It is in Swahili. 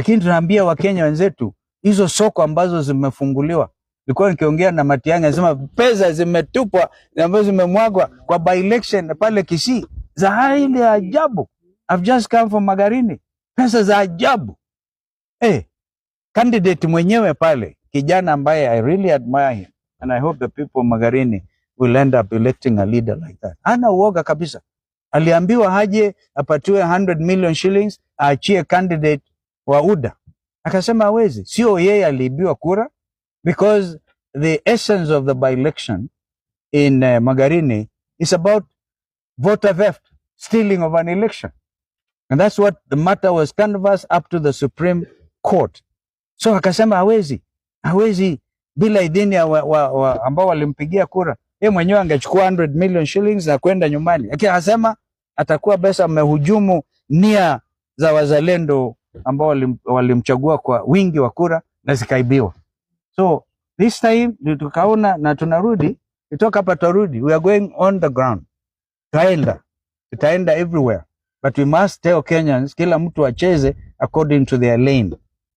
Lakini tunaambia Wakenya wenzetu hizo soko ambazo zimefunguliwa. Nilikuwa nikiongea na Matiang'i anasema pesa zimetupwa ambazo zimemwagwa kwa by election pale Kisii za hali ya ajabu. I've just come from Magarini. Pesa za ajabu. Eh, candidate mwenyewe pale kijana ambaye I really admire him and I hope the people Magarini will end up electing a leader like that. Ana uoga kabisa. Aliambiwa haje apatiwe 100 million shillings aachie candidate wa UDA akasema hawezi, sio yeye aliibiwa kura, because the essence of the by-election in uh, Magarini is about voter theft, stealing of an election. And that's what the matter was canvassed up to the Supreme Court. So akasema hawezi, hawezi bila idhini wa, wa, wa, ambao walimpigia kura. Yeye mwenyewe angechukua 100 million shillings na kwenda nyumbani. Lakini akasema atakuwa besa amehujumu nia za wazalendo ambao walimchagua walimchagua kwa wingi wa kura na zikaibiwa. So this time tukaona na tunarudi kutoka hapa, tutarudi, we are going on the ground, tutaenda tutaenda everywhere but we must tell Kenyans, kila mtu acheze according to their lane.